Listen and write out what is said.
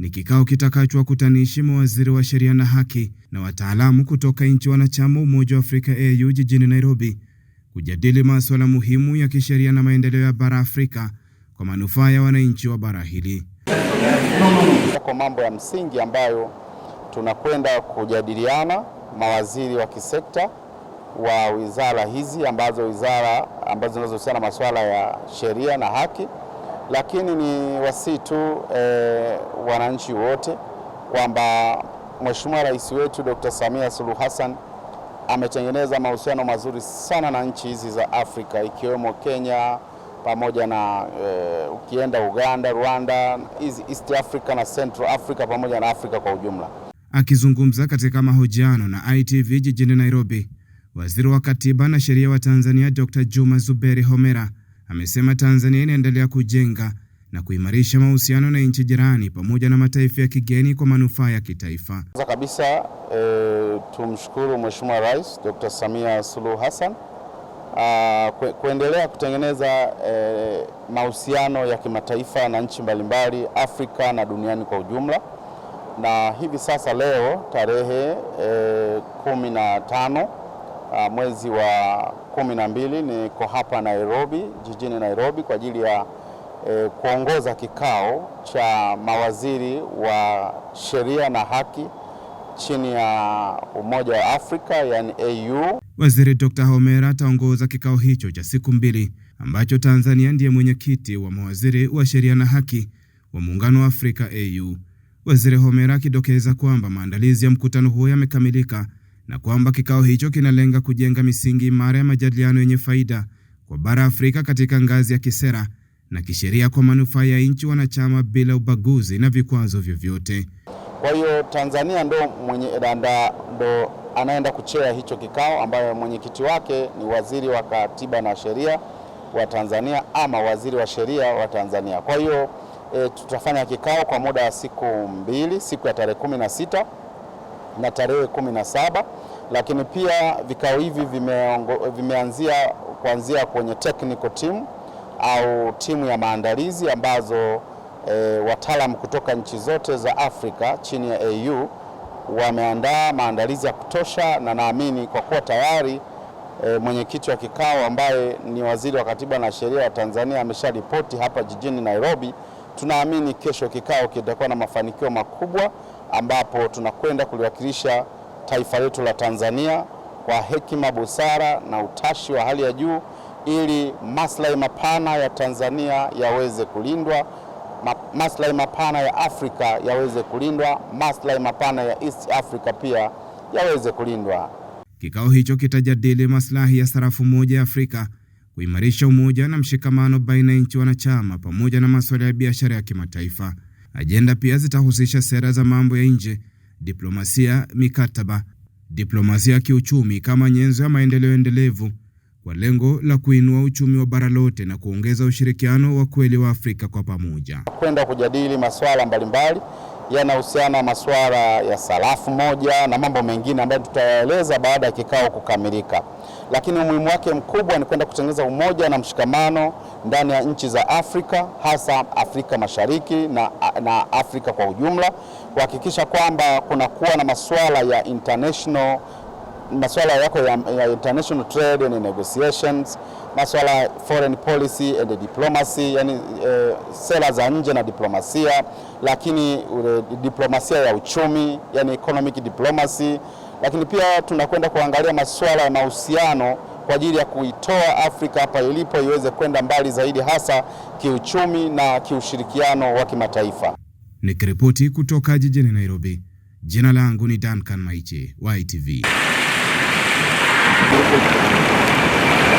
ni kikao kitakachowakutanisha mawaziri wa sheria na haki na wataalamu kutoka nchi wanachama Umoja wa Afrika AU jijini Nairobi kujadili masuala muhimu ya kisheria na maendeleo ya bara Afrika kwa manufaa ya wananchi wa bara hili. Kwa mambo ya msingi ambayo tunakwenda kujadiliana mawaziri wa kisekta wa wizara hizi ambazo wizara ambazo zinazohusiana na masuala ya sheria na haki lakini ni wasii tu e, wananchi wote kwamba Mheshimiwa Rais wetu Dr. Samia Suluhu Hassan ametengeneza mahusiano mazuri sana na nchi hizi za Afrika ikiwemo Kenya pamoja na e, ukienda Uganda, Rwanda, hizi East Africa na Central Africa pamoja na Afrika kwa ujumla. Akizungumza katika mahojiano na ITV jijini Nairobi, Waziri wa Katiba na Sheria wa Tanzania Dr. Juma Zuberi Homera amesema Tanzania inaendelea kujenga na kuimarisha mahusiano na nchi jirani pamoja na mataifa ya kigeni kwa manufaa ya kitaifa. Kwanza kabisa e, tumshukuru Mheshimiwa Rais Dr. Samia Suluhu Hassan kwe, kuendelea kutengeneza e, mahusiano ya kimataifa na nchi mbalimbali Afrika na duniani kwa ujumla, na hivi sasa leo tarehe e, kumi na tano Ah, mwezi wa kumi na mbili niko hapa Nairobi, jijini Nairobi kwa ajili ya eh, kuongoza kikao cha mawaziri wa sheria na haki chini ya Umoja wa Afrika yani AU. Waziri Dr. Homera ataongoza kikao hicho cha siku mbili ambacho Tanzania ndiye mwenyekiti wa mawaziri wa sheria na haki wa Muungano wa Afrika AU. Waziri Homera akidokeza kwamba maandalizi ya mkutano huo yamekamilika na kwamba kikao hicho kinalenga kujenga misingi imara ya majadiliano yenye faida kwa bara Afrika katika ngazi ya kisera na kisheria kwa manufaa ya nchi wanachama bila ubaguzi na vikwazo vyovyote. Kwa hiyo Tanzania ndo mwenye danda ndo anaenda kuchea hicho kikao, ambayo mwenyekiti wake ni waziri wa katiba na sheria wa Tanzania ama waziri wa sheria wa Tanzania. Kwa hiyo e, tutafanya kikao kwa muda wa siku mbili, siku ya tarehe kumi na sita na tarehe kumi na saba, lakini pia vikao hivi vimeanzia kuanzia kwenye technical team au timu ya maandalizi ambazo e, wataalamu kutoka nchi zote za Afrika chini ya AU wameandaa maandalizi ya kutosha, na naamini kwa kuwa tayari e, mwenyekiti wa kikao ambaye ni waziri wa katiba na sheria wa Tanzania amesharipoti hapa jijini Nairobi, tunaamini kesho kikao kitakuwa na mafanikio makubwa ambapo tunakwenda kuliwakilisha taifa letu la Tanzania kwa hekima, busara na utashi wa hali ya juu ili maslahi mapana ya Tanzania yaweze kulindwa, maslahi mapana ya Afrika yaweze kulindwa, maslahi mapana ya East Africa pia yaweze kulindwa. Kikao hicho kitajadili maslahi ya sarafu moja ya Afrika, kuimarisha umoja na mshikamano baina ya nchi wanachama, pamoja na masuala ya biashara ya kimataifa. Ajenda pia zitahusisha sera za mambo ya nje, diplomasia, mikataba, diplomasia ya kiuchumi kama nyenzo ya maendeleo endelevu kwa lengo la kuinua uchumi wa bara lote na kuongeza ushirikiano wa kweli wa Afrika kwa pamoja. Kwenda kujadili masuala mbalimbali yanahusiana na masuala ya sarafu moja na mambo mengine ambayo tutayaeleza baada ya kikao kukamilika, lakini umuhimu wake mkubwa ni kwenda kutengeneza umoja na mshikamano ndani ya nchi za Afrika hasa Afrika Mashariki na, na Afrika kwa ujumla kuhakikisha kwamba kunakuwa na masuala ya international masuala yako ya, ya international trade and negotiations, masuala ya foreign policy and diplomacy, yani e, sera za nje na diplomasia, lakini ule, diplomasia ya uchumi yani economic diplomacy, lakini pia tunakwenda kuangalia masuala ya mahusiano kwa ajili ya kuitoa Afrika hapa ilipo iweze kwenda mbali zaidi, hasa kiuchumi na kiushirikiano wa kimataifa. Nikiripoti kutoka jijini Nairobi, jina langu ni Duncan Maiche, YTV.